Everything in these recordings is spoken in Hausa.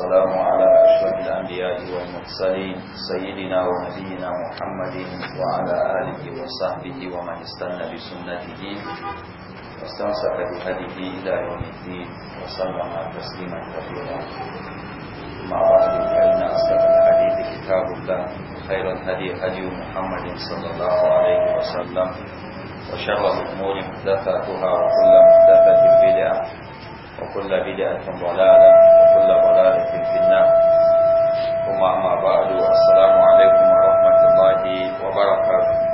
والسلام على أشرف الأنبياء والمرسلين سيدنا ونبينا محمد وعلى آله وصحبه ومن استنى بسنته واستمسك بهديه إلى يوم الدين وسلم تسليما كثيرا ما بعد فإن أصدق الحديث كتاب الله خير الهدي هدي محمد صلى الله عليه وسلم وشر الأمور محدثاتها وكل محدثة بدعة وكل بدعة ضلالة وكل ضلالة في النار ثم أما بعد السلام عليكم ورحمة الله وبركاته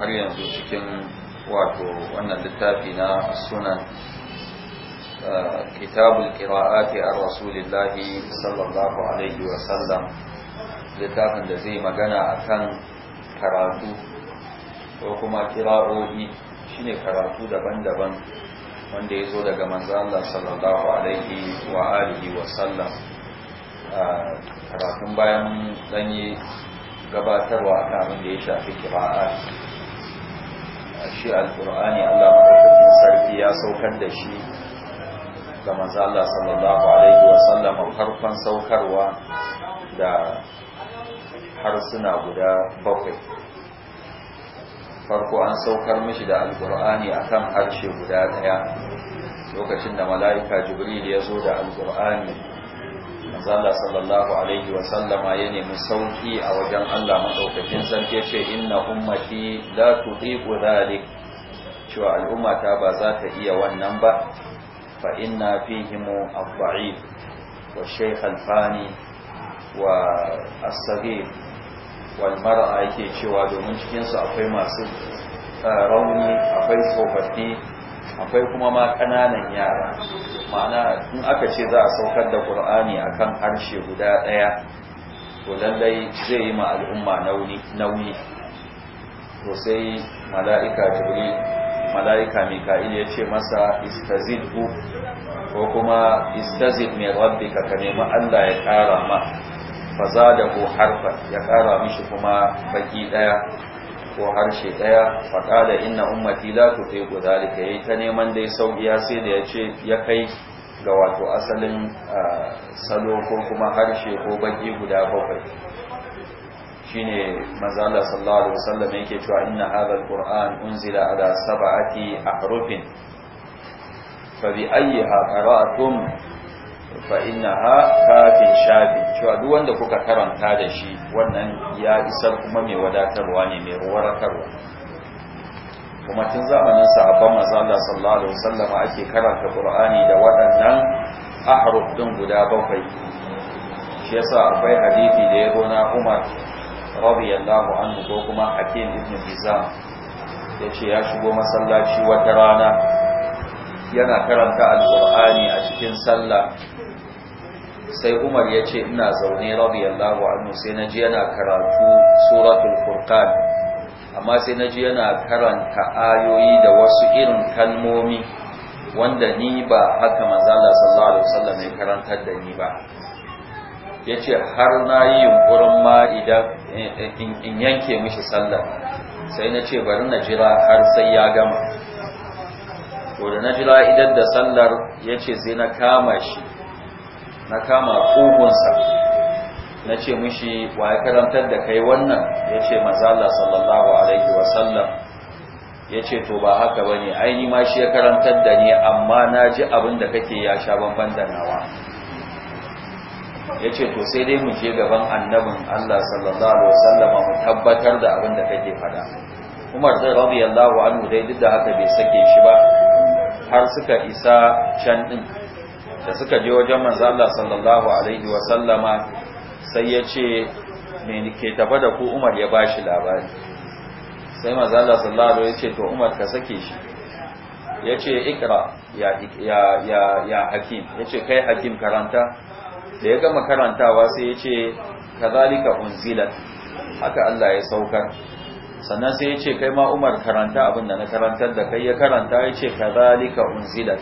har yanzu cikin wato wannan littafi na sunan kitabul qira'ati ar rasulillahi sallallahu alaihi wa sallam littafin da zai magana akan karatu ko kuma kira'o'i shine karatu daban-daban wanda ya zo daga manzo Allah sallallahu alaihi wa alihi wa sallam karatun bayan yi gabatarwa a abin da ya shafi kira'a shi alkur'ani Allah madaukakin sarki ya saukar da shi ga manzo Allah sallallahu alaihi wa sallam farkon saukarwa da harsuna guda bakwai farko an saukar mishi da alkur'ani kan harshe guda daya lokacin da mala'ika jibril ya zo da alkur'ani manzala sallallahu alaihi wa sallama ya nemi sauki a wajen Allah maɗaukakin sarki ya ce inna ummati la tuqiqu dhalik cewa al'ummata ba za ta iya wannan ba fa inna fihim ad wa shaykh al wa as-saghir Wani mar'a yake cewa domin cikinsu akwai masu eh, rauni akwai tsofaffi akwai kuma ma kananan yara ma'ana in aka ce za a saukar da ƙur'ani a kan harshe guda ɗaya. to lallai zai yi ma al'umma nauyi. to sai mala'ika jibril mala'ika mika'il ya ce masa ku? ko kuma istazid mai rabbika ka nemi Allah ya ƙara ma ko harfa ya kara mishi kuma baki daya ko harshe daya da inna ummati la tutiqu zalika yayi ta neman dai saukiya sai da ya ce ya kai ga wato asalin salo ko kuma harshe ko baki guda bakwai shine manzo Allah sallallahu alaihi wasallam yake cewa inna hadha alquran unzila ala sab'ati ahrufin fa bi ayyiha qara'atum fa ha kafin shafi cewa duk wanda kuka karanta da shi wannan ya isar kuma mai wadatarwa ne mai warakarwa kuma tun zamanin sahabban manzo Allah sallallahu alaihi wasallam ake karanta Qur'ani da waɗannan ahruf din guda bakwai shi yasa akwai hadisi da ya na Umar radiyallahu anhu ko kuma Hakim ibn Hizam yace ya shigo masallaci wata rana yana karanta alqur'ani a cikin sallah sai umar ya ce ina zaune radiyallahu anhu sai na ji yana karatu suratul furqan amma sai na ji yana karanta ayoyi da wasu irin kalmomi wanda ni ba haka Allah sallallahu alaihi wasallam ya karantar da ni ba yace har na yi yunkurin ma idan in yanke mishi sallar, sai na ce bari na jira har sai ya gama ko da na jira idan da sallar yace sai na kama shi na kama kogonsa na ce mishi wa ya karantar da kai wannan ya ce mazala sallallahu alaihi wasallam ya ce to ba haka ba ne aini ma shi ya karantar da ne, amma na ji abin da kake ya sha banban da nawa ya ce to sai dai mu je gaban annabin Allah sallallahu alaihi wasallama mu tabbatar da abin da kake faɗa Umar zai yallahu anhu dai duk da haka bai sake shi ba har suka isa can din da suka je wajen manzo Allah sallallahu alaihi wa sallama sai ya ce me ke tafa da ku Umar ya bashi labari sai manzo Allah sallallahu alaihi ya ce to Umar ka sake shi ya ce ikra ya ya ya ya hakim ya ce kai hakim karanta da ya gama karantawa sai ya ce kazalika unzilat haka Allah ya saukar sannan sai ya ce kai ma umar karanta abin da na karantar da kai ya karanta ya ce kazalika unzila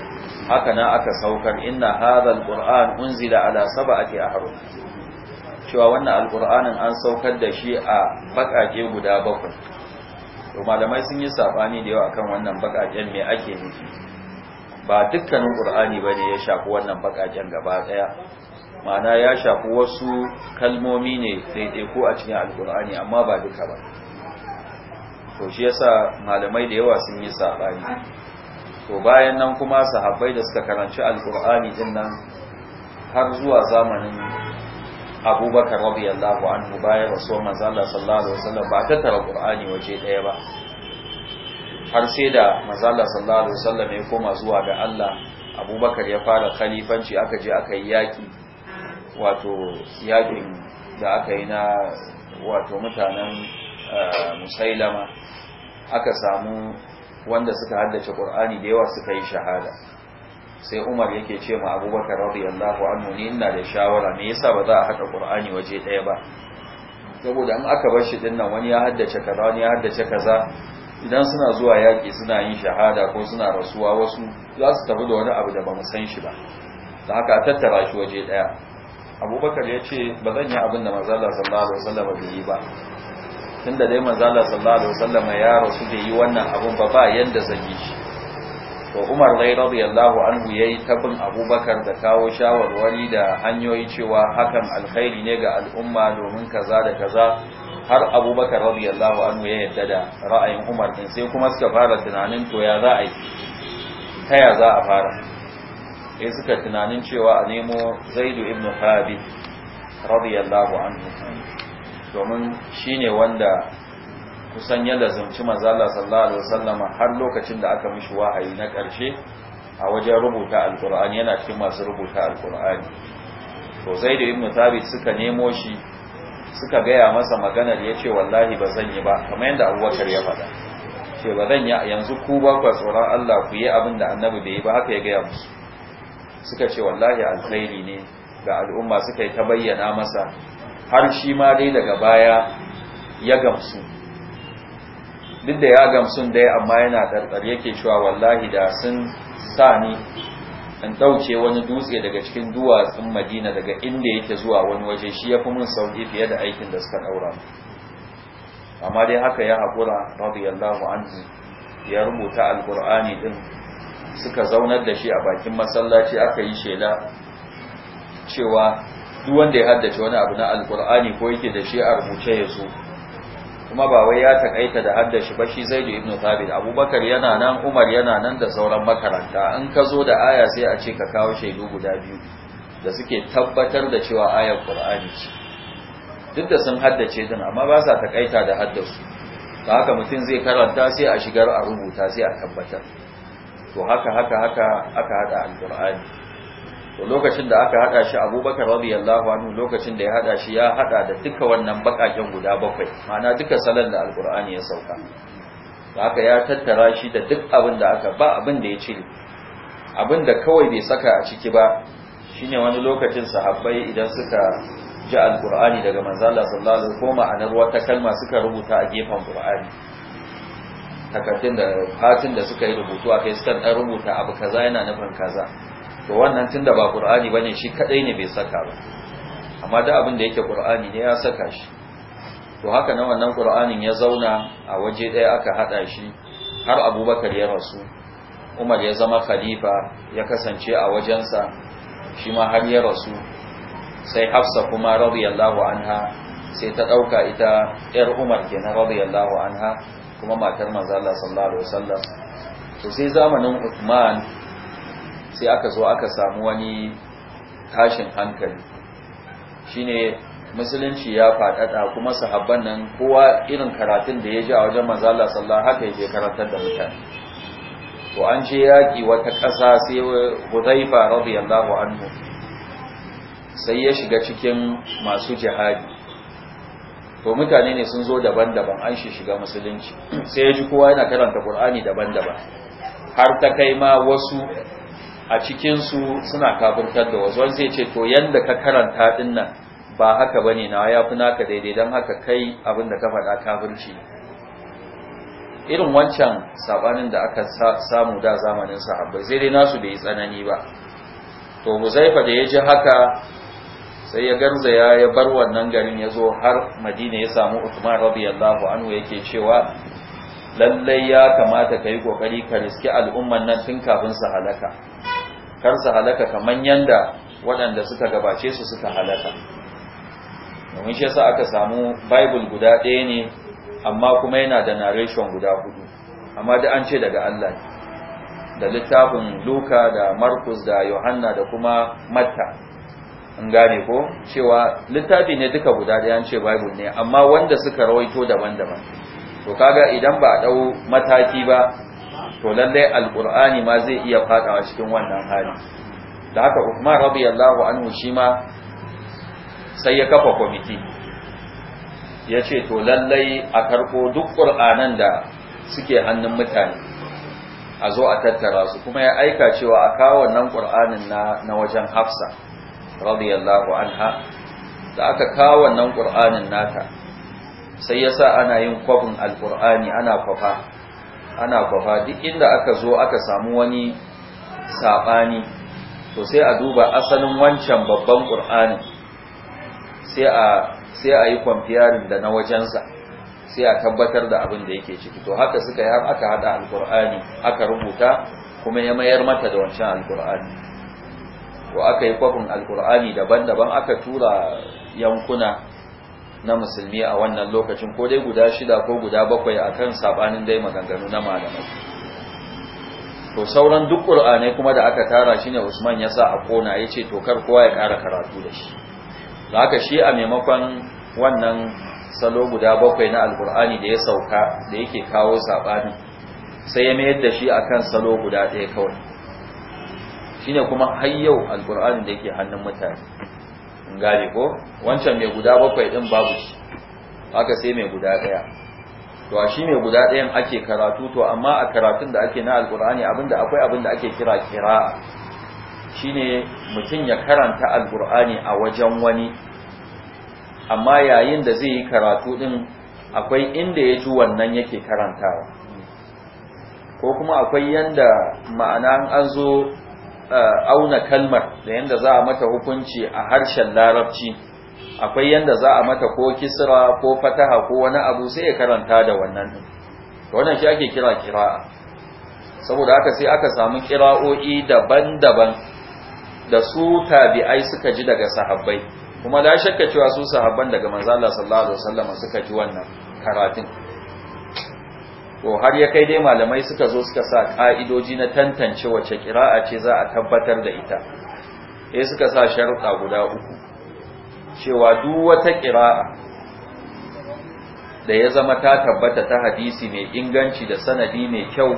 haka na aka saukar inna hadha alquran unzila ala sab'ati ahruf cewa wannan alqur'anin an saukar da shi a bakake guda bakwai to malamai sun yi sabani da yawa akan wannan bakaken me ake nufi ba dukkanin qur'ani bane ya shafi wannan bakaken gaba daya ma'ana ya shafi wasu kalmomi ne daidai ko a cikin alqur'ani amma ba duka ba to shi yasa malamai da yawa sun yi sabani to bayan nan kuma sahabbai da suka karanci alqur'ani din nan har zuwa zamanin abubakar radiyallahu anhu bayan rasuwar Allah sallallahu alaihi wasallam ba ta tara qur'ani waje daya ba har sai da manzo Allah sallallahu alaihi wasallam ya koma zuwa ga Allah abubakar ya fara khalifanci aka je aka yi yaki wato yakin da aka yi na wato mutanen Eh, musailama aka samu wanda suka haddace qur'ani da yawa suka yi shahada sai umar yake ce ma abubakar radiyallahu anhu ni ina da shawara me yasa ba za a hada qur'ani waje daya ba saboda in aka bar shi dinnan wani ya haddace kaza wani ya haddace kaza idan suna zuwa yaki, suna yin shahada ko suna rasuwa wasu za su tafi da wani abu da ba mu san shi ba da haka a tattara shi waje daya abubakar ya ce ba zan yi abin da manzala sallallahu alaihi wasallam bai yi ba tunda dai manzo Allah sallallahu alaihi wasallam ya rasu bai yi wannan abun ba ba yanda zai yi shi to Umar dai radiyallahu anhu yayi tabin Abubakar da kawo shawarwari da hanyoyi cewa hakan alkhairi ne ga al'umma domin kaza da kaza har Abubakar radiyallahu anhu ya yadda da ra'ayin Umar din sai kuma suka fara tunanin to ya za a yi za a fara sai suka tunanin cewa a nemo Zaid ibn Thabit radiyallahu anhu domin shi ne wanda kusan ya lazumci mazala sallallahu alaihi wasallama har lokacin da aka mishi wahayi na ƙarshe a wajen rubuta alkur'ani yana cikin masu rubuta alkur'ani to sai da ibnu thabit suka nemo shi suka gaya masa maganar ya ce wallahi ba zan yi ba kamar yadda abubakar ya faɗa ce ba zan yi yanzu ku ba ku tsoron Allah ku yi abin da annabi bai yi ba haka ya gaya musu suka ce wallahi alkhairi ne ga al'umma suka yi ta bayyana masa har shi ma dai daga baya ya gamsu duk da ya gamsu dai amma yana ɗarɗar yake cewa wallahi da sun sa ni in ɗauke wani dutse daga cikin duwatsun madina daga inda yake zuwa wani waje shi ya fi mun sauki fiye da aikin da suka ɗaura amma dai haka ya haƙura radiyallahu anhu ya rubuta alƙur'ani din suka zaunar da shi a bakin masallaci aka yi shela cewa duk wanda ya haddace wani abu na alkur'ani ko yake da shi a rubuce ya zo kuma ba wai ya takaita da haddashi ba shi da ibnu thabit abubakar yana nan umar yana nan da sauran makaranta in ka zo da aya sai a ce ka kawo shaidu guda biyu da suke tabbatar da cewa ayar qur'ani ce duk da sun haddace din amma ba sa takaita da haddace ta haka mutum zai karanta sai a shigar a rubuta sai a tabbatar to haka haka haka aka hada alkur'ani to lokacin da aka hada shi abubakar radiyallahu anhu lokacin da ya hada shi ya hada da duka wannan bakaken guda bakwai ma'ana duka salon da alkur'ani ya sauka da haka ya tattara shi da duk abin da aka ba abin da ya cire abin da kawai bai saka a ciki ba shine wani lokacin sahabbai idan suka ji alkur'ani daga Allah sallallahu alaihi wasallam ma'anar wata kalma suka rubuta a gefen qur'ani takardun da fatin da suka yi rubutu a kai suka dan rubuta abu kaza yana nufin kaza to wannan tunda ba qur'ani bane shi kadai ne bai saka ba amma da abin da yake qur'ani ne ya saka shi to haka nan wannan qur'anin ya zauna a waje ɗaya aka hada shi har abubakar ya rasu umar ya zama khalifa ya kasance a wajensa shi ma har ya rasu sai hafsa kuma radiyallahu anha sai ta dauka ita yar umar kenan radiyallahu anha kuma matar manzo Allah sallallahu alaihi wasallam to sai zamanin Uthman sai aka zo aka samu wani tashin hankali shine musulunci ya faɗaɗa kuma sahabban nan kowa irin karatun da ya ji a wajen manzala sallah haka yake karantar da mutane to an je yaƙi wata ƙasa sai hudaifa radiyallahu anhu sai ya shiga cikin masu jihadi to mutane ne sun zo daban-daban an shi shiga musulunci sai ya ji kowa yana karanta qur'ani daban-daban har ta kai ma wasu a cikinsu suna kafirtar da wasu zai ce to yanda ka karanta din nan ba haka bane na ya fi naka daidai don haka kai abin da ka faɗa kafirci irin wancan sabanin da aka samu da zamanin sahabbai sai dai nasu bai tsanani ba to muzaifa da ya ji haka sai ya garza ya ya bar wannan garin ya zo har madina ya samu uthman radiyallahu anhu yake cewa lallai ya kamata ka yi kokari ka riski al'umman nan tun kafin su halaka kar su halaka kamar yanda waɗanda suka gabace su suka halaka domin shi yasa aka samu bible guda ɗaya ne amma kuma yana da narration guda hudu amma da an ce daga Allah da littafin Luka da Markus da Yohanna da kuma Matta an gane ko cewa littafi ne duka guda ɗaya an ce bible ne amma wanda suka rawaito daban-daban to kaga idan ba a ɗau mataki ba to lallai alqur'ani ma zai iya fadawa cikin wannan hali da haka Uthman radiyallahu anhu shi ma sai ya kafa kwamiti ya ce to lallai a karko duk ƙur'anan da suke hannun mutane a zo a tattara su kuma ya aika cewa a kawo wannan ƙur'anin na wajen hafsa radiyallahu anha da aka kawo wannan ƙur'anin nata sai ya sa ana yin kwabin alƙur'ani ana kwafa ana kwafa duk inda aka zo aka samu wani saɓani to sai a duba asalin wancan babban ƙur'anin sai a yi kwamfiyarin da na wajensa sai a tabbatar da abin da yake ciki to haka suka yi har aka haɗa alƙur'ani aka rubuta kuma ya mayar mata da wancan alƙur'ani ko aka yi kwafin alƙur'ani daban-daban aka tura yankuna na musulmi a wannan lokacin ko dai guda shida ko guda bakwai a kan saɓanin dai maganganu na malamai to sauran duk ƙur'anai kuma da aka tara shi ne usman ya sa a kona ya ce tokar kowa ya ƙara karatu da shi da aka shi a maimakon wannan salo guda bakwai na alƙur'ani da ya sauka da yake kawo saɓanin sai ya mayar da shi akan salo guda ɗaya kawai shine kuma har yau alƙur'anin da yake hannun mutane gane ko wancan mai guda bakwai din babu shi haka sai mai guda daya to a shi mai guda dayan ake karatu to amma a karatun da ake na alkur'ani abinda akwai abinda ake kira kira shine mutum ya karanta alkur'ani a wajen wani amma yayin da zai yi karatu din akwai inda ya ji wannan yake karantawa ko kuma akwai yanda ma'ana an zo Eh, auna kalmar da yanda za a mata hukunci a harshen larabci akwai yadda za a mata ko kisra ko fataha ko wani abu sai ya karanta da wannan din wannan shi ake kira kira'a saboda haka sai aka samu kira'o'i daban-daban da su tabi'ai suka ji daga sahabbai kuma da shakka cewa su sahabban daga manzo Allah sallallahu alaihi wasallam suka ji wannan karatun to har ya kai dai malamai suka zo suka sa ka'idoji na tantance wace kira'a ce za a tabbatar da ita eh suka sa sharuɗa guda uku cewa duk wata kira'a da ya zama ta tabbata ta hadisi mai inganci da sanadi mai kyau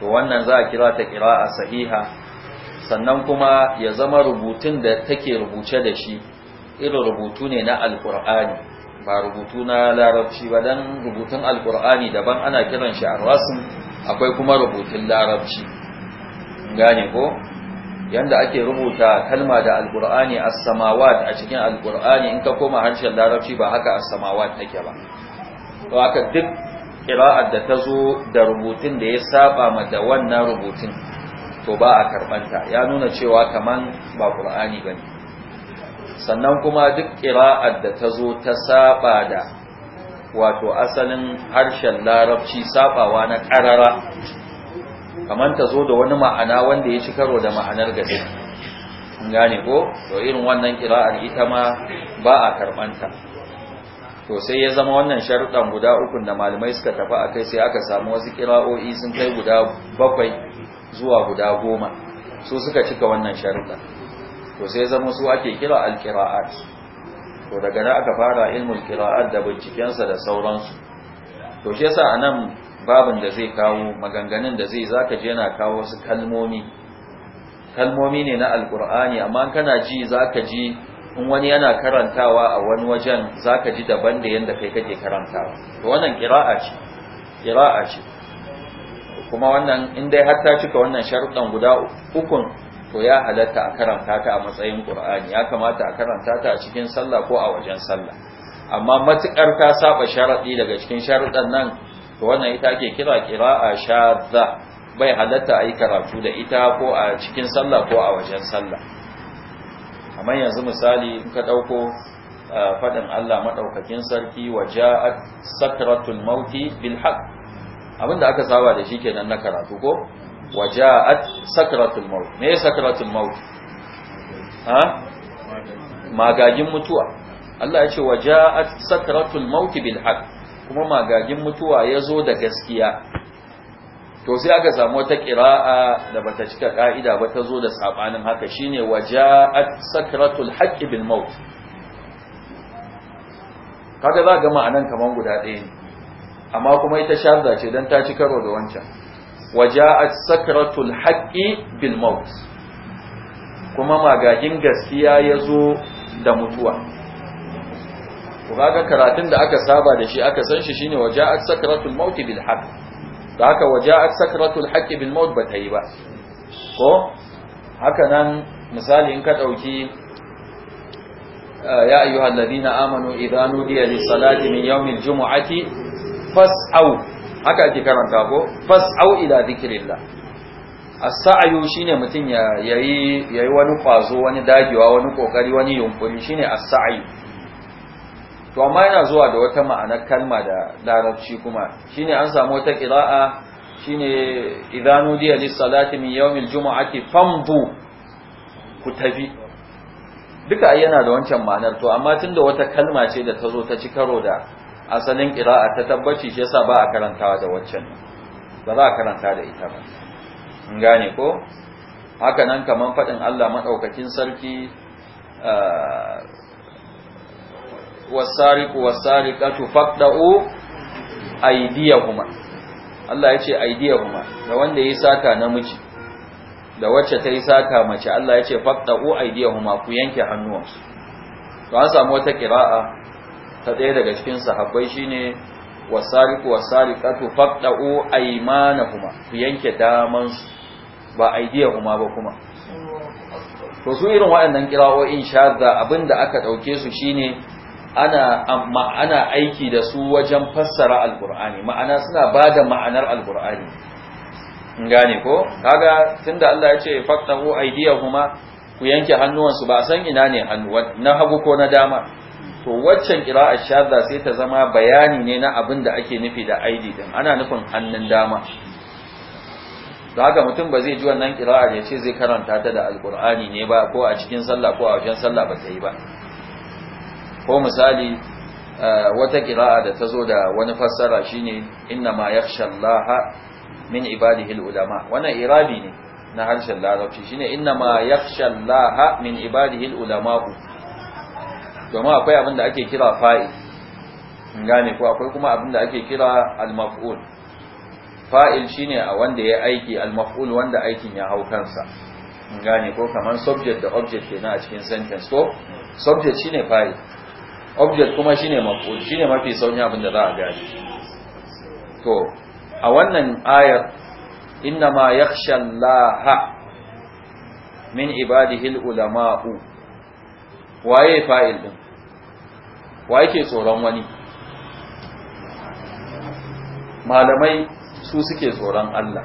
to wannan za a kira ta kira'a sahiha sannan kuma ya zama rubutun da take rubuce da shi irin rubutu ne na alkur'ani ba rubutu na larabci ba dan rubutun alkur'ani daban ana kiran shi arwasin akwai kuma rubutun larabci gane ko yanda ake rubuta kalma da alkur'ani as-samawat a cikin alkur'ani in ka koma harshen larabci ba haka as-samawat take ba to haka duk qira'ar da tazo da rubutun da ya saba ma da wannan rubutun to ba a karbanta ya nuna cewa kaman ba qur'ani bane sannan kuma duk ƙira'ar da ta zo ta saba da wato asalin harshen larabci sabawa na ƙarara kamar ta zo da wani ma'ana wanda ya ci karo da ma'anar gasi gane ko to irin wannan ƙira'ar ita ma ba a karɓanta to sai ya zama wannan sharuɗan guda ukun da malamai suka tafi a kai sai aka samu wasu ƙira'o'i sun kai guda bakwai zuwa guda goma su suka cika wannan sharuɗan to sai zama su ake kira alqira'at to daga nan aka fara ilmul qira'at da bincikensa da sauransu to shi yasa anan babin da zai kawo maganganun da zai zaka je yana kawo su kalmomi kalmomi ne na alkur'ani amma kana ji zaka ji in wani yana karantawa a wani wajen zaka ji daban da yanda kai kake karantawa to wannan qira'a ce ce kuma wannan in dai har ta cika wannan sharuɗan guda uku to ya halatta a karanta ta a matsayin ƙur'ani ya kamata a karanta ta a cikin sallah ko a wajen sallah amma matukar ka saba sharadi daga cikin sharuɗan nan to wannan ita ake kira qira'a shadda bai halatta a yi karatu da ita ko a cikin sallah ko a wajen sallah amma yanzu misali in ka ɗauko faɗin Allah madaukakin sarki ja'at sakratul mauti bil haqq abinda aka saba da shi kenan na karatu ko وجاءت سكرة الموت ما هي سكرة الموت ها magagin mutuwa Allah ya ce wa ja'at sakratul maut kuma magagin mutuwa zo da gaskiya to sai aka samu wata ƙira'a da bata cika ƙa'ida ba ta zo da saɓanin haka shine wa ja'at sakratul haqq bil maut kaga za ga ma'anan kaman guda ɗaya ne amma kuma ita sharda ce dan ta ci karo da wancan waja'at sakratul haqqi bil maut kuma magagin gaskiya yazo da mutuwa ku kaga karatun da aka saba da shi aka san shi shine waja'at sakratul maut bil haqq da haka waja'at sakratul haqqi bil maut bata yi ba ko haka nan misali in ka dauki ya ayyuhal amanu idza nudiya lis salati min yawmil jumu'ati fas'au haka ake karanta ko au ila zikrillah as-sa'yu shine mutum ya yayi yayi wani kwazo wani dagewa wani kokari wani yunkuri shine as-sa'yu to amma yana zuwa da wata ma'anar kalma da larabci kuma shine an samu wata qira'a shine idanu diya lis-salati min yawmil jumu'ati famdu ku tafi duka yana da wancan ma'anar to amma tunda wata kalma ce da tazo ta ci karo da asalin ƙira'a ta tabbaci shi yasa ba a karanta da waccan ba za a karanta da ita ba in gane ko haka nan kamar faɗin Allah maɗaukakin sarki wasariku wasariƙatu faɗa'u kuma. Allah ya ce kuma, da wanda ya saka namiji da wacce ta yi saka mace Allah ya ce faɗa'u kuma ku yanke hannuwansu to an samu wata ƙira'a ta ɗaya daga cikin sahabbai shine wasariku wasariqatu faqta'u aymanahuma ku yanke daman su ba kuma ba kuma to su irin waɗannan kira'o'in shadda abinda aka dauke su shine ana amma ana aiki da su wajen fassara alqur'ani ma'ana suna bada ma'anar alqur'ani in gane ko kaga tunda Allah ya ce faqta'u aydiyahuma ku yanke hannuwansu ba san ina ne hannu na hagu ko na dama to waccan qira'a shadda sai ta zama bayani ne na abin da ake nufi da aidi din ana nufin hannun dama da haka mutum ba zai ji wannan qira'a ya ce zai karanta ta da alqur'ani ne ba ko a cikin sallah ko a wajen sallah ba ta yi ba ko misali eh, wata qira'a da tazo da wani fassara shine inna ma yakhsha Allah min ibadihi ulama wannan irabi ne na harshen larabci shine inna ma yakhsha Allah min ibadihi ulama domin akwai abin da ake kira fa'i, in gane ko akwai kuma abin da ake kira al-maf'ul fa'il shine a wanda ya aiki al-maf'ul wanda aikin ya hau kansa in gane ko kamar subject da object kenan a cikin sentence ko subject shi ne fa'i, object kuma shi shine maf'ul ne mafi sauƙin abin da za a gane to a wannan ayar inna ma yakhsha laha min ibadihi al-ulama'u waye fa'il din wa ke tsoron wani malamai su suke tsoron Allah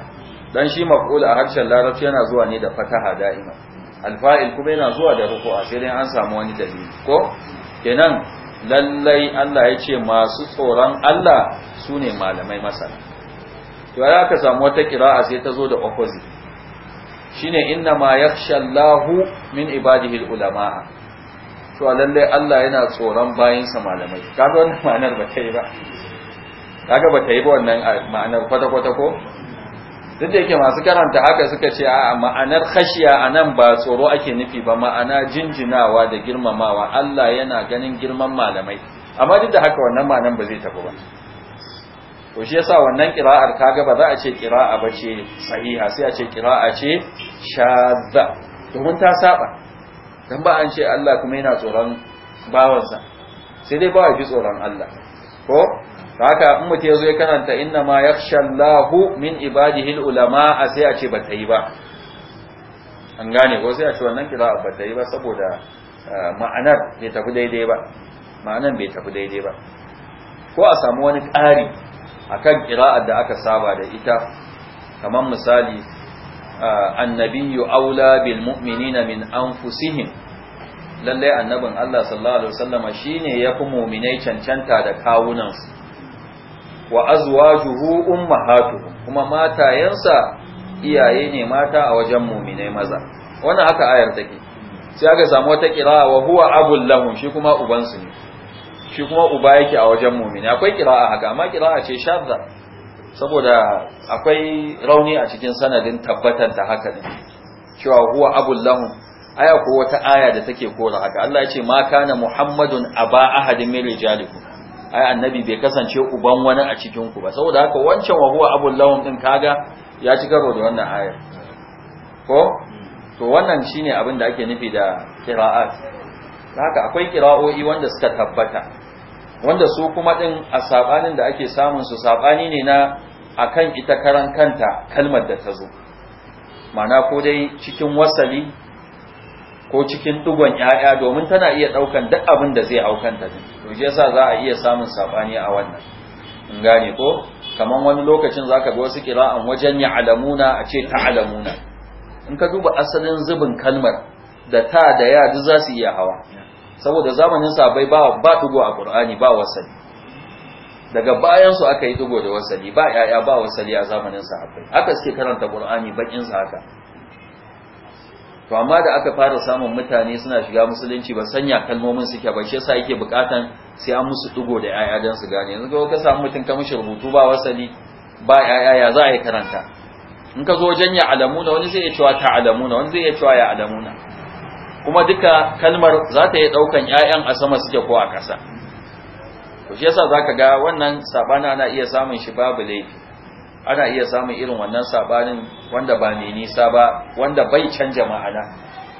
dan shi maqul a harshen larabci yana zuwa ne da fataha da'ima alfa'il kuma yana zuwa da a sai dai an samu wani dalili ko kenan lallai Allah ya ce masu tsoron Allah su ne malamai masana to ya ka samu wata kira'a sai ta zo da opposite shine inna ma yakhsha Allahu min ibadihi ulama cewa lallai Allah yana tsoron bayansa malamai kaga wannan ma'anar ba ta yi ba kaga ba ta yi ba wannan ma'anar kwata-kwata ko duk da yake masu karanta haka suka ce a ma'anar khashiya anan ba tsoro ake nufi ba ma'ana jinjinawa da girmamawa Allah yana ganin girman malamai amma duk da haka wannan ma'anar ba zai tafi ba to shi yasa wannan qira'ar kaga ba za a ce qira'a ba ce sahiha sai a ce qira'a ce shadda domin ta saba dan ba an ce Allah kuma yana tsoron bawansa sai dai bawa ji tsoron Allah ko haka in mutum ya zo ya karanta inna ma yakhsha Allahu min ibadihi ulama a sai a ce ba ta yi ba an gane ko sai a ce wannan kira ba ta yi ba saboda eh, ma'anar bai tafi daidai ba ma'anar bai tafi daidai ba ko a samu wani ƙari akan kira'ar da aka saba da ita kamar misali eh, annabiyyu aula bil mu'minina min anfusihim lalle annabin Allah sallallahu alaihi wasallama shine yafi mu'minai cancanta da kawunansu wa azwajuhu ummahatuhu kuma matayensa iyaye ne mata a wajen mu'minai maza wannan haka ayar take sai aka samu wata qira'a wa huwa abul lahum shi kuma ubansu ne shi kuma uba yake a wajen mu'mini akwai qira'a haka amma qira'a ce shadda saboda akwai rauni a cikin sanadin tabbatar da haka ne cewa huwa abul lahum aya ko wata aya da take kora haka Allah ya ce ma kana muhammadun aba ahadin min rijalikum ai annabi bai kasance uban wani a cikin ku ba saboda haka wancan wa huwa abul lawm din kaga ya ci karo da wannan aya. ko to wannan shine abin da ake nufi da qira'at haka akwai qira'o'i wanda suka tabbata wanda su kuma din a sabanin da ake samun su sabani ne na akan ita karan kanta kalmar da ta zo ma'ana ko dai cikin wasali ko cikin dugon ‘ya'ya domin tana iya ɗaukan duk abin da zai aukanta ne to shi yasa za a iya samun sabani a wannan in gane ko kaman wani lokacin zaka bi ga wasu kira'an wajen ya alamuna a ce ta alamuna in ka duba asalin zubin kalmar da ta da ya duk za su iya hawa saboda zamanin sabai ba ba dugo a qur'ani ba wasali daga bayan su aka yi dugo da wasali ba yaya ba wasali a zamanin sa akwai. aka suke karanta qur'ani bakin sa haka to amma da aka fara samun mutane suna shiga musulunci ba sanya kalmomin suke ba shi yasa yake bukatan sai an musu dugo da yaya dan su gane yanzu ka samu mutum ka mishi rubutu ba wasali ba yaya ya za a yi karanta in ka zo wajen ya alamuna wani zai iya cewa ta alamuna wani zai iya cewa ya alamuna kuma duka kalmar za ta iya daukan yayan a sama suke ko a ƙasa to shi yasa zaka ga wannan sabana ana iya samun shi babu laifi ana iya samun irin wannan sabanin wanda ba mai nisa ba wanda bai canja ma'ana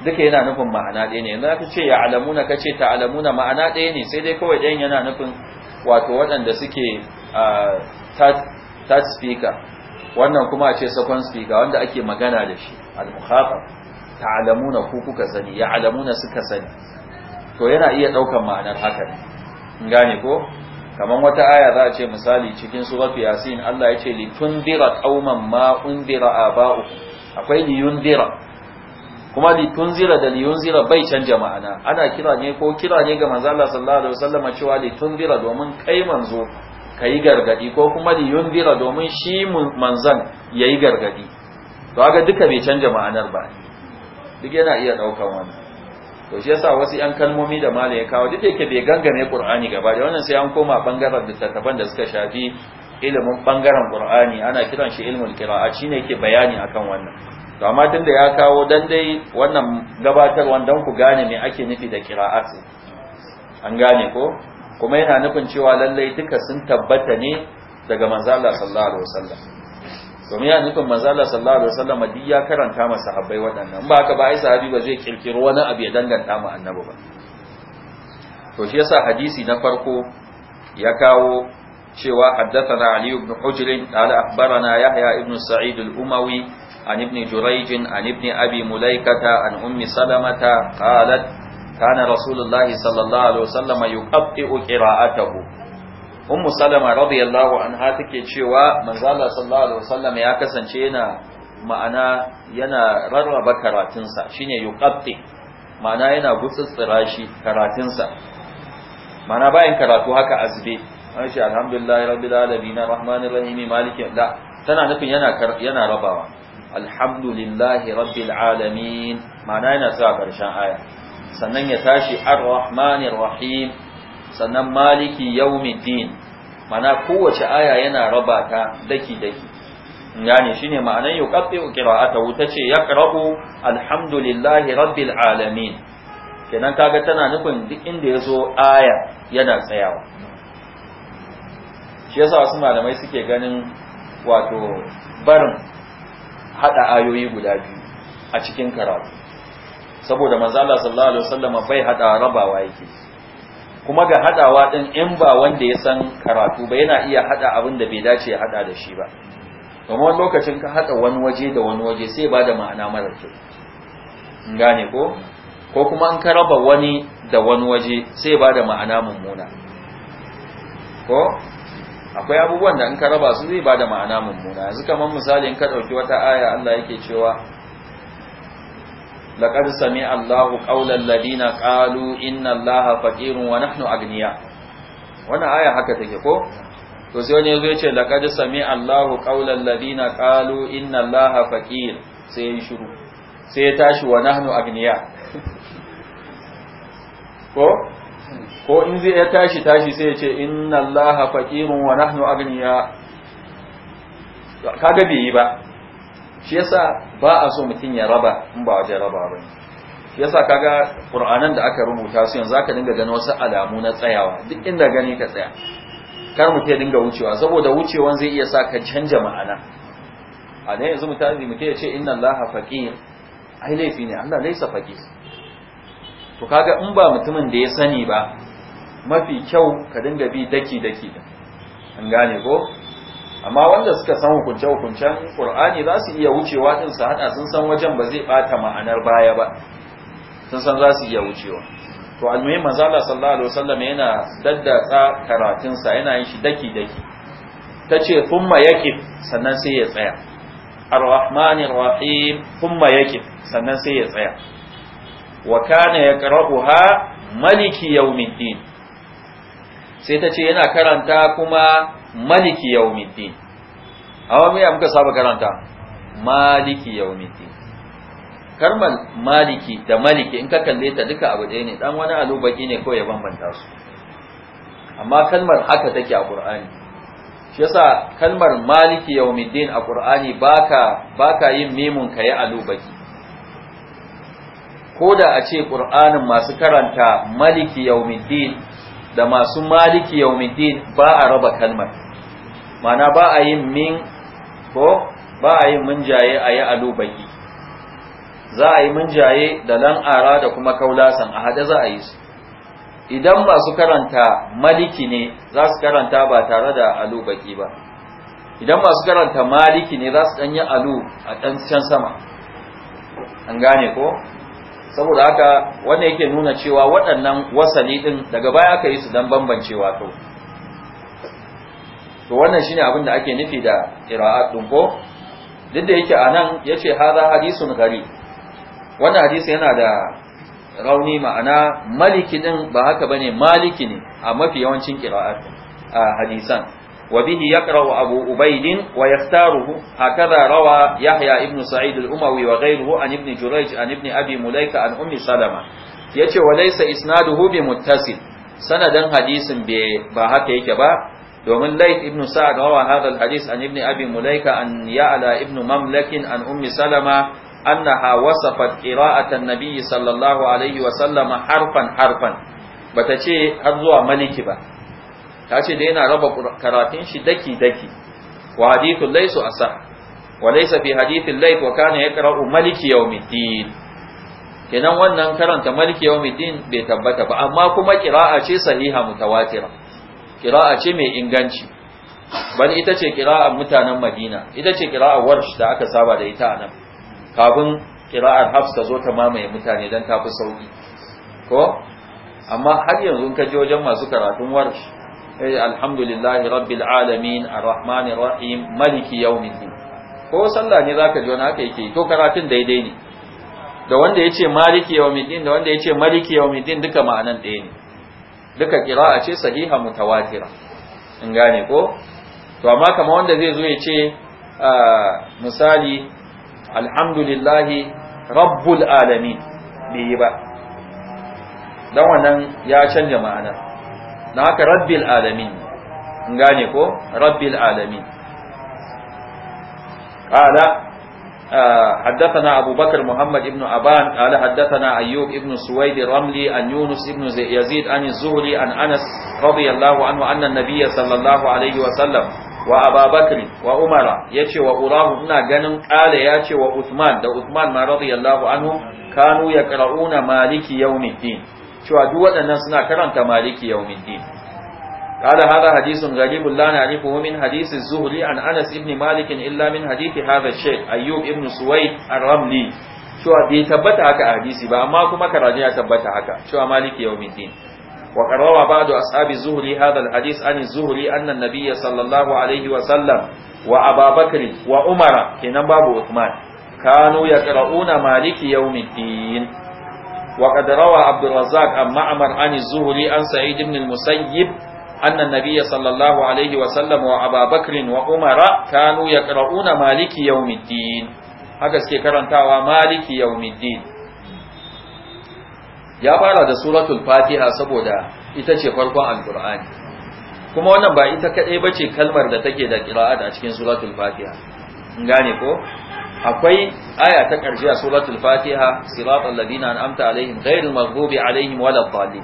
duka yana nufin ma'ana ɗaya ne yanzu aka ce ya alamuna ka ce ta alamuna ma'ana ɗaya ne sai dai kawai ɗayan yana nufin wato waɗanda suke third speaker wannan kuma a ce second speaker wanda ake magana da shi al mukhafa ta alamuna ku kuka sani ya alamuna suka sani to yana iya ɗaukan ma'anar haka ne gane ko kamar wata aya za a ce misali cikin suratu yasin Allah ya ce li tundira qauman ma undira aba'u akwai li yundira kuma li tunzira da li yunzira bai canja ma'ana ana kira ne ko kira ne ga manzo Allah sallallahu alaihi wasallam cewa li tundira domin kai manzo kai gargadi ko kuma li yundira domin shi manzan yayi gargadi to kaga duka bai canja ma'anar ba duk yana iya daukan wannan to shi yasa wasu yan kalmomi da malam ya kawo duk yake bai gangane qur'ani gaba da wannan sai an koma bangaren littattafan da suka shafi ilimin bangaren qur'ani ana kiran shi ilmul qira'a ne yake bayani akan wannan to amma tunda ya kawo dan dai wannan gabatarwan dan ku gane me ake nufi da qira'at an gane ko kuma yana nufin cewa lallai duka sun tabbata ne daga manzo Allah sallallahu alaihi wasallam domin ya nufin manzala sallallahu alaihi wasallam duk ya karanta masa sahabbai waɗannan ba haka ba ai sahabi ba zai kirkiro wani abu ya danganta mu annabi ba to shi yasa hadisi na farko ya kawo cewa haddathana ali ibn hujr qala akhbarana yahya ibn sa'id al-umawi an ibn jurayj an ibn abi mulaikata an ummi salamata qalat kana rasulullahi sallallahu alaihi wasallam yuqatti'u qira'atahu ummu salama radiyallahu anha take cewa manzo Allah sallallahu alaihi wasallam ya kasance yana ma'ana yana rarraba karatunsa shine yuqatti ma'ana yana gutsutsura shi karatunsa ma'ana bayan karatu haka azbe an shi alhamdulillahi rabbil alamin arrahmanir rahim maliki da tana nufin yana yana rabawa alhamdulillahi rabbil alamin ma'ana yana sa karshen aya sannan ya tashi arrahmanir rahim sannan maliki yawmiddin mana kowace aya yana raba ta daki daki shi shine ma'anar yuqatti'u ce, tace yaqra'u alhamdulillahi rabbil alamin kenan kaga tana nufin duk inda ya yazo aya yana tsayawa shi yasa wasu malamai suke ganin wato barin haɗa ayoyi guda biyu a cikin karatu saboda manzo Allah sallallahu alaihi wasallam bai hada rabawa yake kuma ga hadawa din in ba wanda ya san karatu ba yana iya hada abin da bai dace ya hada da shi ba domin wani lokacin ka hada wani waje da wani waje sai ba da ma'ana mara kyau in gane ko ko kuma an ka raba wani da wani waje sai ba da ma'ana mummuna ko akwai abubuwan da in ka raba su zai ba da ma'ana mummuna yanzu kamar misali in ka ɗauki wata aya Allah yake cewa laqad sami'a Allahu qawlal ladina qalu inna Allaha faqirun wa nahnu agniya wannan aya haka take ko to sai wani yazo yace laqad sami'a Allahu qawlal ladina qalu inna Allaha faqir sai ya shiru sai ya tashi wa nahnu agniya ko ko in zai ya tashi tashi sai ya ce inna Allaha faqirun wa nahnu agniya kaga bai yi ba shi yasa ba a so mutum ya raba in ba waje raba ba shi yasa kaga qur'anan da aka rubuta su yanzu aka dinga ganin wasu alamu na tsayawa duk inda gani ka tsaya kar mu ke dinga wucewa saboda wucewan zai iya sa ka canja ma'ana a ne yanzu mutane mu ke ce inna allaha faqir ai laifi ne Allah laisa faqir to kaga in ba mutumin da ya sani ba mafi kyau ka dinga bi daki daki an gane ko amma wanda suka san hukunce hukuncen qur'ani za su iya wucewa din su hada sun san wajen ba zai bata ma'anar baya ba sun san za su iya wucewa to almuhim manzo Allah sallallahu alaihi wasallam yana daddatsa karatun sa yana yin shi daki daki tace thumma yaqif sannan sai ya tsaya arrahmanir rahim thumma yaqif sannan sai ya tsaya wa kana yaqra'uha maliki yawmiddin sai tace yana karanta kuma maliki yawmiddin amma me muka saba karanta maliki yawmiddin karmal maliki da maliki in ka kalle ta duka abu ɗaya ne dan wani alubaki ne kawai ya bambanta su amma kalmar haka take a qur'ani shi yasa kalmar maliki yawmiddin a qur'ani baka baka yin mimun kai alubaki ko da a ce qur'anin masu karanta maliki yawmiddin da masu maliki yaumiddin ba a raba kalmar mana ba a yin min ko ba a yin jaye a yi alubaki za a yi jaye da lan ara da kuma kaulasan a haɗe za a yi su idan masu karanta maliki ne za su karanta ba tare da alubaki baki ba idan masu karanta maliki ne za su ɗanyi alu a ɗan can sama an gane ko saboda haka wanda yake nuna cewa waɗannan wasali ɗin daga baya aka yi su don bambancewa to to wannan shine abin da ake nufi da ira'at ɗin ko duk da yake anan ce haza hadisun gari wannan hadisi yana da rauni ma'ana maliki ɗin ba haka ba ne maliki ne a mafi yawancin a hadisan وبه يقرأ أبو أبيد ويختاره هكذا روى يحيى ابن سعيد الأموي وغيره عن ابن جريج عن ابن أبي مليكة عن أم سلمة يتي وليس إسناده بمتصل سندا حديث بهاك يكبا ومن ليث ابن سعد روى هذا الحديث عن ابن أبي مليكة عن يعلى ابن مملك عن أم سلمة أنها وصفت قراءة النبي صلى الله عليه وسلم حرفا حرفا بتشي أرضوا ملك بقى ta ce da yana raba karatun shi daki daki wa hadithun laisu asa wa laisa fi hadithin laif wa kana yaqra'u maliki yawmiddin kenan wannan karanta maliki yawmiddin bai tabbata ba amma kuma kira'a ce sahiha mutawatira qira'a ce mai inganci ban ita ce kira'a mutanen Madina ita ce kira'a Warsh da aka saba da ita anan kafin qira'ar Hafs ta zo ta mamaye mutane dan tafi sauki ko amma har yanzu ka ji wajen masu karatun Warsh Ai eh, alhamdulillahi rabbil alamin arrahmanir rahim maliki yawmiddin ko sallah ne zaka ji wani haka yake to karatun daidai ne da wanda yace maliki yawmiddin da wanda yace maliki yawmiddin duka ma'anan ɗaya ne duka qira'a ce sahiha mutawatira in gane ko to amma kamar wanda zai zo yace misali alhamdulillahi rabbul alamin bai yi ba dan wannan ya canja ma'anar da haka rabbil alamin in gane ko rabbil alamin qala حدثنا أبو بكر محمد بن أبان قال حدثنا أيوب بن سويد رملي عن يونس بن يزيد عن الزهري عن أنس رضي الله عنه أن النبي صلى الله عليه وسلم وأبا بكر وعمر يتي وأراه هنا جنم قال يتي وعثمان ده عثمان ما رضي الله عنه كانوا يقرؤون مالك يوم الدين cewa duk waɗannan suna karanta maliki yawmiddin قال هذا حديث غريب لا نعرفه من حديث الزهري عن أنس بن مالك إلا من حديث هذا الشيخ أيوب بن سويد الرملي شو دي تبت هكا حديثي بقى ما كما كراجع تبت هكا شو مالك يوم الدين وقد روى بعض أصحاب الزهري هذا الحديث عن الزهري أن النبي صلى الله عليه وسلم وأبا بكر وعمر كنباب عثمان كانوا يقرؤون مالك يوم الدين وقد روى عبد الرزاق عن معمر عن الزهري عن سعيد بن المسيب أن النبي صلى الله عليه وسلم وأبا بكر وعمر كانوا يقرؤون مالك يوم الدين suke karantawa maliki yaumiddin ya fara da suratul fatiha saboda ita ce farkon alkur'ani kuma wannan ba ita kadai bace kalmar da take da qira'at a cikin suratul fatiha gane ko akwai aya ta ƙarshe a suratul fatiha siratal ladina an'amta alaihim ghairil maghdubi alaihim waladdallin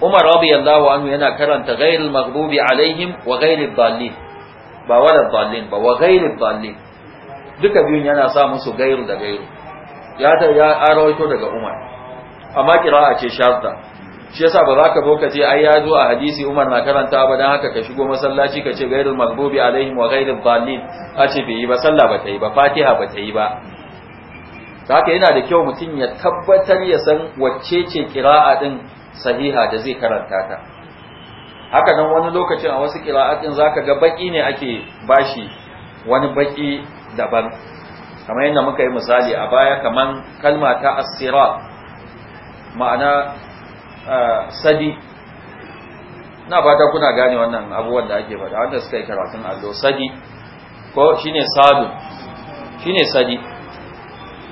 Umar radiyallahu anhu yana karanta ghairil maghdubi alaihim wa ghairil dallin ba wala waladdallin ba wa ghairil dallin duka biyun yana sa musu gairu da gairu ya ta ya arawaito daga Umar amma kira'a ce sharda shi yasa ba za ka zo ka ce ai ya zo a hadisi Umar na karanta ba dan haka ka shigo masallaci ka ce gairul maghdubi alaihim wa ghairul dallin a ce bai yi ba sallah ba ta yi ba fatiha ba ta yi ba haka yana da kyau mutum ya tabbatar ya san wacce ce kira'a din sahiha da zai karanta ta haka nan wani lokacin a wasu kira'atin zaka ga baki ne ake bashi wani baki daban kamar yadda muka yi misali a baya kamar kalma ta as ma'ana sadi na fata kuna gane wannan abubuwan da ake fata wanda suka yi karatun allo sadi ko shine sadu shine sadi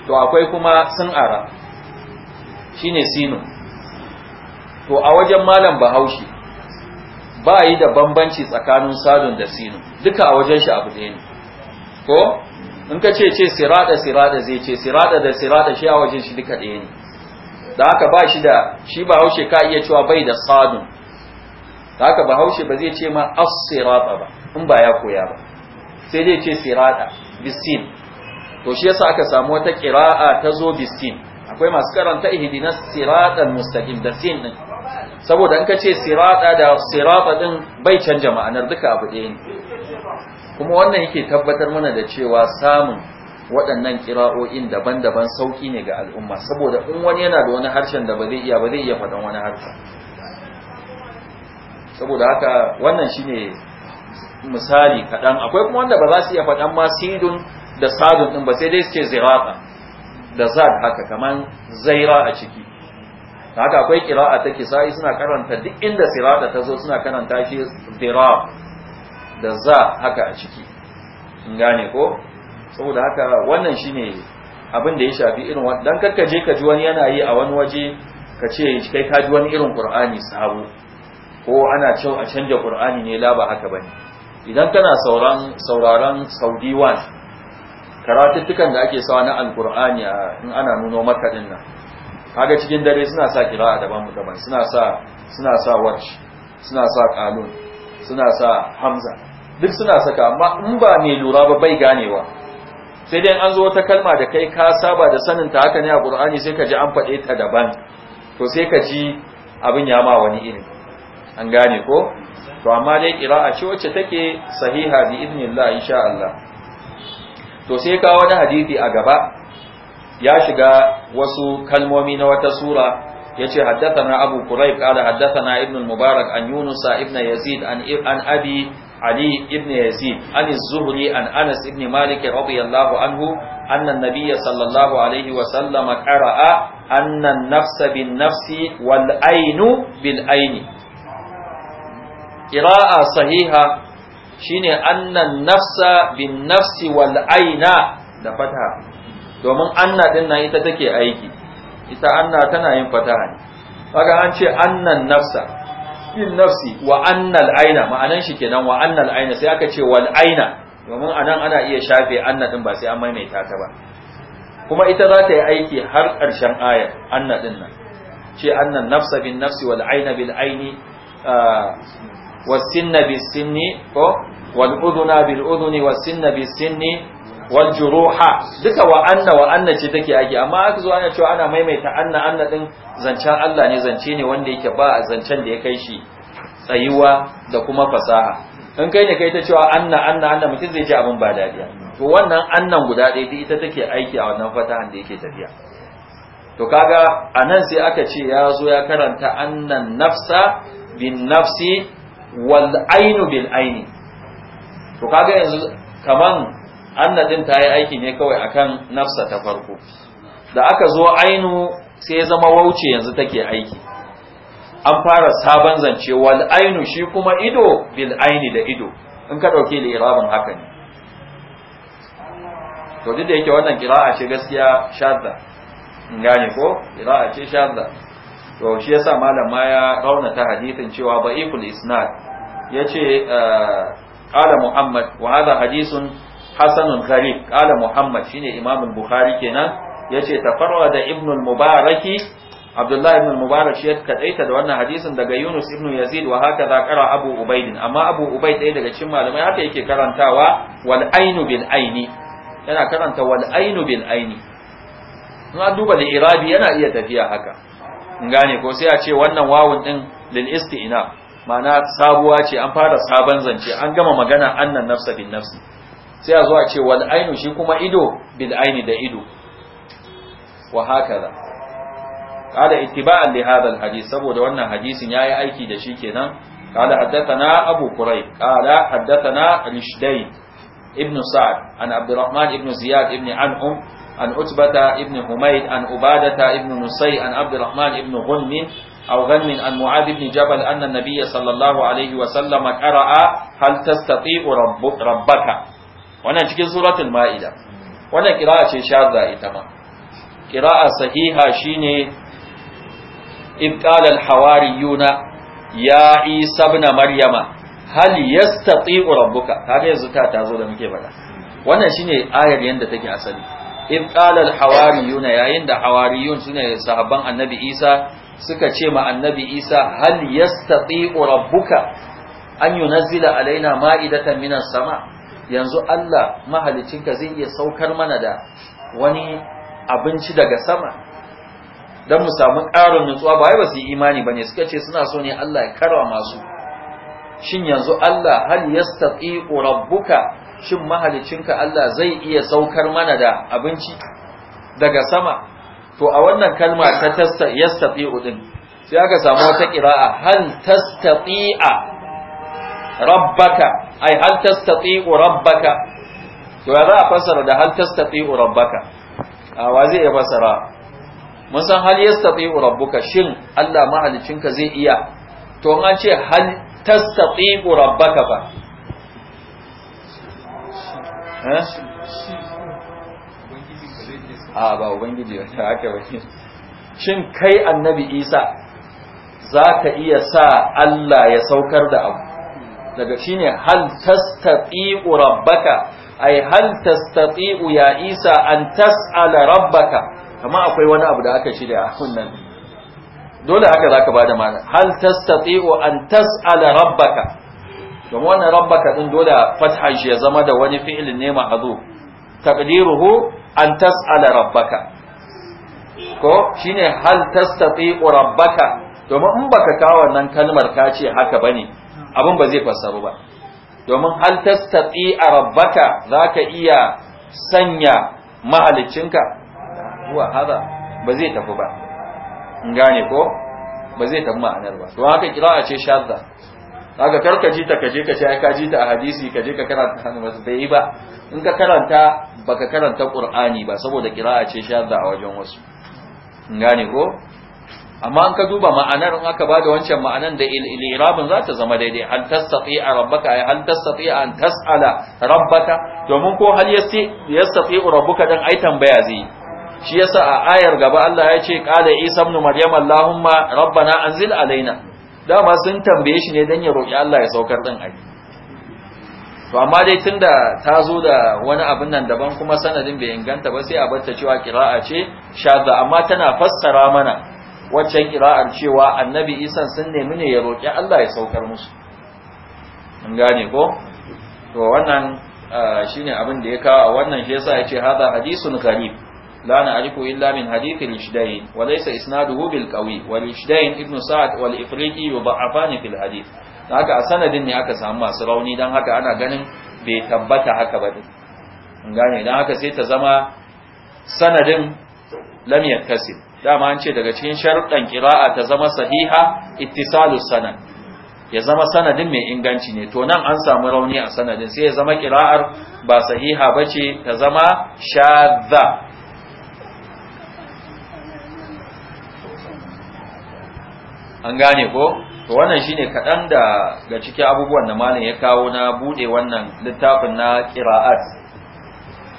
to akwai kuma sun ara shine sino to a wajen malam bahaushe ba yi da bambanci tsakanin sadun da sino duka a wajen shi abu ɗaya ne ko in ka ce ce sirada sirada zai ce sirada da sirada shi a wajen shi duka ɗaya ne da haka ba shi da shi ba haushe ka iya cewa bai da sadun da haka ba haushe ba zai ce ma as-sirata ba in ba ya koya ba sai dai ce sirata bisin to shi yasa aka samu wata qira'a ta zo bisin akwai masu karanta ihdina siratal mustaqim da sin din saboda in ka ce sirata da sirata din bai canja ma'anar duka abu ɗaya ne kuma wannan yake tabbatar mana da cewa samun waɗannan kira'o'in daban-daban sauki ne ga al'umma saboda in wani yana da wani harshen da ba zai iya ba zai iya faɗan wani harshen saboda haka wannan shine misali kaɗan akwai kuma wanda ba za su iya faɗan ma sidun da sadun ɗin ba sai dai suke zirata da zad haka kaman zaira a ciki haka akwai kira'a ta kisa'i suna karanta duk inda sirata ta zo suna karanta shi zira da za haka a ciki in gane ko saboda haka wannan shine abin da ya shafi irin wani dan karka je ka ji wani yana yi a wani waje ka ce kai ka ji wani irin qur'ani sabo ko ana cewa a canja qur'ani ne la ba haka bane idan kana sauran sauraron saudi wan karatuttukan da ake sawa na alqur'ani in ana nuno maka din nan kaga cikin dare suna sa kira'a daban daban suna sa suna sa watch suna sa qalun suna sa hamza duk suna saka amma in ba mai lura ba bai ganewa sai dai an zo wata kalma da kai ka saba da sanin ta haka ne a Qur'ani sai ka ji an faɗe ta daban to sai ka ji abin ya ma wani iri an gane ko to amma dai qira'a ce wacce take sahiha bi idnillah insha Allah to sai ka wani hadisi a gaba ya shiga wasu kalmomi na wata sura yace haddathana Abu Quraib qala haddathana Ibn al-Mubarak an Yunus ibn Yazid an an Abi علي بن يزيد عن الزهري عن أنس بن مالك رضي الله عنه أن النبي صلى الله عليه وسلم قرأ أن النفس بالنفس والعين بالعين قراءة صحيحة شين أن النفس بالنفس والعين da fataha domin anna din nan ita take aiki ita anna tana yin fataha ne kaga an ce annan nafsa fil nafsi wa annal aina ma'anan shi kenan wa annal aina sai aka ce wal aina domin anan ana iya shafe anna din ba sai an maimaita ta ba kuma ita za ta yi aiki har ƙarshen ayar anna din nan ce annan nafsa bin nafsi wal aina bil aini sinna bis sinni ko wal udhuna bil udhuni sinna bis sinni waljuruha duka wa anna wa anna ce take ake amma aka zo ana cewa ana maimaita anna anna din zancen Allah ne zance ne wanda yake ba zancen da ya kai shi tsayuwa da kuma fasaha in kai ne kai ta cewa anna anna anna mutum zai ji abin ba dadiya to wannan annan guda ɗaya ita take aiki a wannan fatahan da yake tafiya to kaga anan sai aka ce ya zo ya karanta annan nafsa bin nafsi wal ainu bil aini to kaga yanzu kaman anna ta yi aiki ne kawai akan nafsa ta farko da aka zo ainu sai ya zama wauce yanzu take aiki an fara sabon zance wal ainu shi kuma ido bil aini da ido in ka dauke da irabin haka ne to duk da yake wannan qira'a ce gaskiya shadda in gane ko qira'a ce shadda to shi yasa malam ya ya raunata hadithin cewa ba ikul isnad yace ala ah, muhammad wa hadha hadithun Hassanun gharib qala muhammad shine imamin bukhari kenan yace tafarwa da ibnul mubaraki Abdullahi ibn Mubarak shi ya kadaita da wannan hadisin daga Yunus ibn Yazid wa haka za kara Abu Ubaid amma Abu Ubaid ɗaya daga cikin malamai haka yake karantawa wal ainu bil aini yana karanta wal bil aini na duba da irabi yana iya tafiya haka in gane ko sai a ce wannan wawun din lil isti'na ma'ana sabuwa ce an fara sabon zance an gama magana annan nafsa bin nafsi sai a zo a ce wal ainu shi kuma ido bil aini da ido wa hakaza qala ittiba'an li hadha al hadith saboda wannan hadisin ya yi aiki da shi kenan Kada qala haddathana abu kada qala haddathana rishdayn ibn Sa'ad, an abdurrahman ibn ziyad ibn An'um, an utbata ibn humayd an ubadata ibn nusay an abdurrahman ibn ghunmin أو غنم عن معاذ بن جبل أن النبي صلى الله عليه وسلم قرأ هل تستطيع ربك wannan cikin suratul ma'ida wannan kira'a ce shadda ita ma kira'a sahiha shine in qala al hawariyuna ya isa ibn maryama hal yastati'u rabbuka kaga yanzu ta tazo da muke faɗa wannan shine ayar yanda take asali in qala al hawariyuna yayin da hawariyun sune sahabban annabi isa suka ce ma annabi isa hal yastati'u rabbuka an yunazzila alaina ma'idatan minas sama' yanzu Allah mahalicinka zai iya saukar mana da wani abinci daga sama don mu samu ƙarin nutsuwa ba wai ba su yi imani ba ne suka ce suna so ne Allah ya karwa masu shin yanzu Allah hal yastati rabbuka shin mahalicinka Allah zai iya saukar mana da abinci daga sama to a wannan kalma ta tasta yastati din sai aka samu wata ƙira'a hal a rabbaka ai hal tastati'u rabbaka to ya za a fassara da hal tastati'u rabbaka a wa zai iya fassara mun san hal yastati'u rabbuka shin Allah ka zai iya to an ce hal tastati'u rabbaka ba eh? a ba ubangiji ba haka wani shin kai annabi isa za ka iya sa Allah ya saukar da abu daga shi ne hal tastati'u rabbaka ai hal tastati'u ya isa an tas'ala rabbaka kama akwai wani abu da aka shirya a wannan dole haka zaka bada mana hal tastati'u an tas'ala rabbaka domin wannan rabbaka din dole fathan shi ya zama da wani fi'ilin ne ma'azu taqdiruhu an tas'ala rabbaka ko shine hal tastati'u rabbaka domin in baka kawo wannan kalmar ka ce haka bane abin ba zai fassaru ba domin hal tastati a rabbaka zaka iya sanya mahalicinka wa hada ba zai tafi ba in gane ko ba zai tafi ma'anar ba don haka kira ce shadda haka karka ji ta kaje ka ce ka ji ta a hadisi ka je ka karanta hannu wasu bai yi ba in ka karanta baka karanta qur'ani ba saboda kira ce shadda a wajen wasu in gane ko amma an ka duba ma'anar in aka bada wancan ma'anar da ilirabin za ta zama daidai an tasafi a rabbaka ya hal a an tas'ala rabbaka domin ko hal yastati rabbuka dan ai tambaya zai shi yasa a ayar gaba Allah ya ce qala isa ibn maryam allahumma rabbana anzil alaina dama sun tambaye shi ne dan ya roki Allah ya saukar din ai to amma dai tunda ta zo da wani abin nan daban kuma sanadin bai inganta ba sai a batta cewa kira'a ce shadda amma tana fassara mana waccan kira'ar cewa annabi isan sun nemi ne ya roƙi Allah ya saukar musu mun gane ko to wannan shi ne abin da ya kawo wannan shi yasa ce hada hadisun gharib la na'rifu illa min hadithi al-ishdayn wa laysa isnaduhu bil qawi wal ishdayn ibn sa'd wal ifriqi yudha'afani fil hadith haka a sanadin ne aka samu masu rauni dan haka ana ganin bai tabbata haka ba din gane dan haka sai ta zama sanadin lam yakasib dama an ce daga cikin sharuɗan ƙira'a ta zama sahiha ittisalu sanad ya zama sanadin mai inganci ne to nan an samu rauni a sanadin sai ya zama ƙira'ar ba sahiha ba ce ta zama shadda an gane ko to wannan shine kaɗan da ga cikin abubuwan da malam ya kawo na buɗe wannan littafin na ƙira'at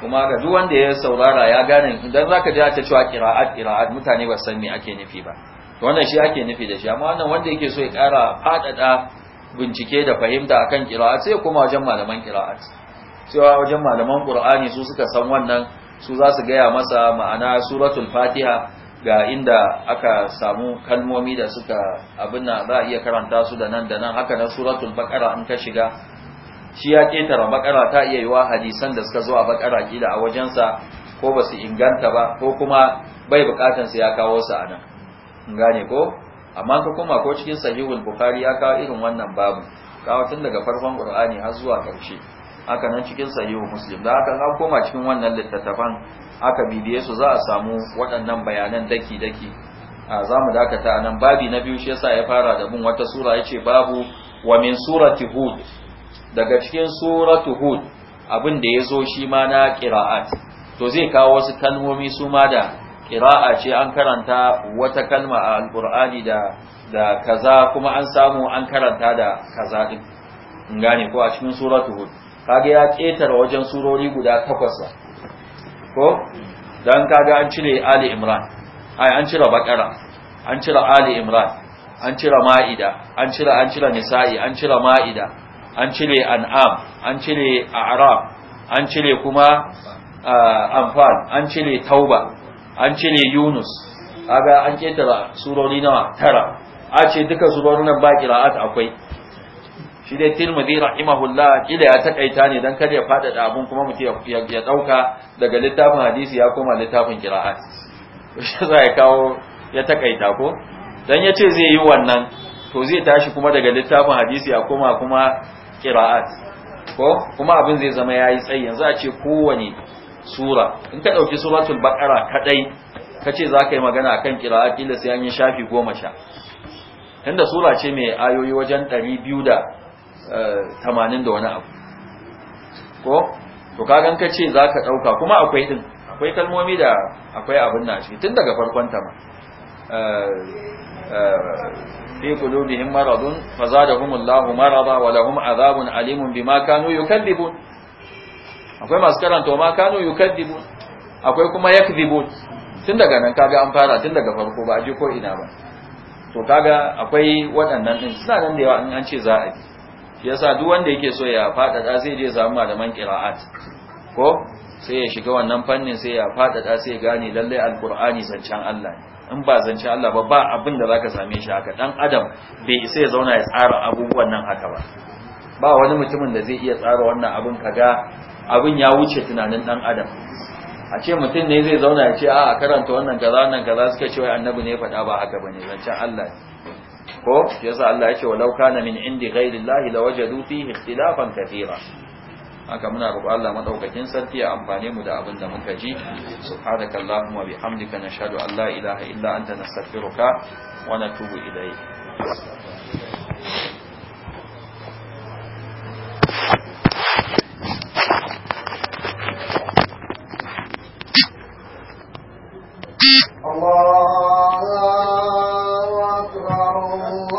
kuma ga duk wanda ya saurara ya gane idan zaka ji ta cewa qira'at qira'at mutane ba san me ake nufi ba to wannan shi ake nufi da shi amma wannan wanda yake so ya ƙara fadada bincike da fahimta akan qira'at sai kuma wajen malaman qira'at cewa wajen malaman qur'ani su suka san wannan su za su gaya masa ma'ana suratul fatiha ga inda aka samu kalmomi da suka abin nan za a iya karanta su da nan da nan haka na suratul baqara in ka shiga shi ya ƙetara bakara ta iya yiwa hadisan da suka zo a bakara kila a wajensa ko ba su inganta ba ko kuma bai bukatansa ya kawo su a nan gane ko amma ka kuma ko cikin sahihul bukhari ya kawo irin wannan babu kawo tun daga farkon qur'ani har zuwa ƙarshe haka nan cikin sahihul muslim da haka an koma cikin wannan littattafan aka bibiye su za a samu waɗannan bayanan daki daki a za dakata anan babi na biyu shi yasa ya fara da bin wata sura ya ce babu wa min surati hud daga cikin suratu hud abin da ya zo shi ma na ƙira'at to zai kawo wasu kalmomi su ma da ƙira'a ce an karanta wata kalma a alƙur'ani da da kaza kuma an samu an karanta da kaza din in gane ko a cikin suratu hud kaga ya ƙetare wajen surori guda takwas ko dan kaga an cire ali imran ai an cire bakara an cire ali imran an cire ma'ida an cire an cire nisa'i an cire ma'ida an cire an'am an cire a'rab an cire kuma anfal an cire tauba an cire yunus kaga an ketara surori nawa tara a ce duka surorin nan ba qira'at akwai shi dai ra'ima rahimahullah kila ya takaita ne dan kada ya fada da abun kuma mutum ya dauka daga littafin hadisi ya koma littafin qira'at shi za ya kawo ya takaita ko dan yace zai yi wannan to zai tashi kuma daga littafin hadisi ya koma kuma qira'at ko kuma abin zai zama yayi tsayi yanzu a ce kowane sura in ka dauki suratul baqara kadai kace zaka yi magana akan qira'at illa sai an yi shafi 10 tunda sura ce mai ayoyi wajen 280 da eh, da wani abu ko to ka ce kace zaka dauka kuma akwai din akwai kalmomi da akwai abin na shi tun daga farkon ta ma eh, fi qulubihim maradun fazadahumullahu marada wa lahum adhabun alimun bima kanu yukadzibun akwai masu karanta ma kanu yukadzibun akwai kuma yakdhibun tun daga nan kaga an fara tun daga farko ba a je ko ina ba to kaga akwai waɗannan din suna nan da yawa in an ce za a yi yasa duk wanda yake so ya faɗaɗa zai je samu malaman qira'at ko sai ya shiga wannan fannin sai ya faɗaɗa sai ya gane lallai alqur'ani zancen Allah ne in ba zance Allah ba ba abin da zaka same shi haka dan adam bai isa ya zauna ya tsara abubuwan nan haka ba ba wani mutumin da zai iya tsara wannan abin kaga abin ya wuce tunanin dan adam a ce mutum ne zai zauna ya ce a a karanta wannan kaza wannan kaza suka ce wai annabi ne ya faɗa ba haka bane zancen Allah ko yasa Allah ya ce walau kana min indi ghairi llahi lawajadu fihi ikhtilafan katira haka muna roƙo Allah madaukakin sarki ya amfane mu da abin da muka ji subhanakallahumma bihamdika nashhadu an la ilaha illa anta nastaghfiruka wa natubu ilayk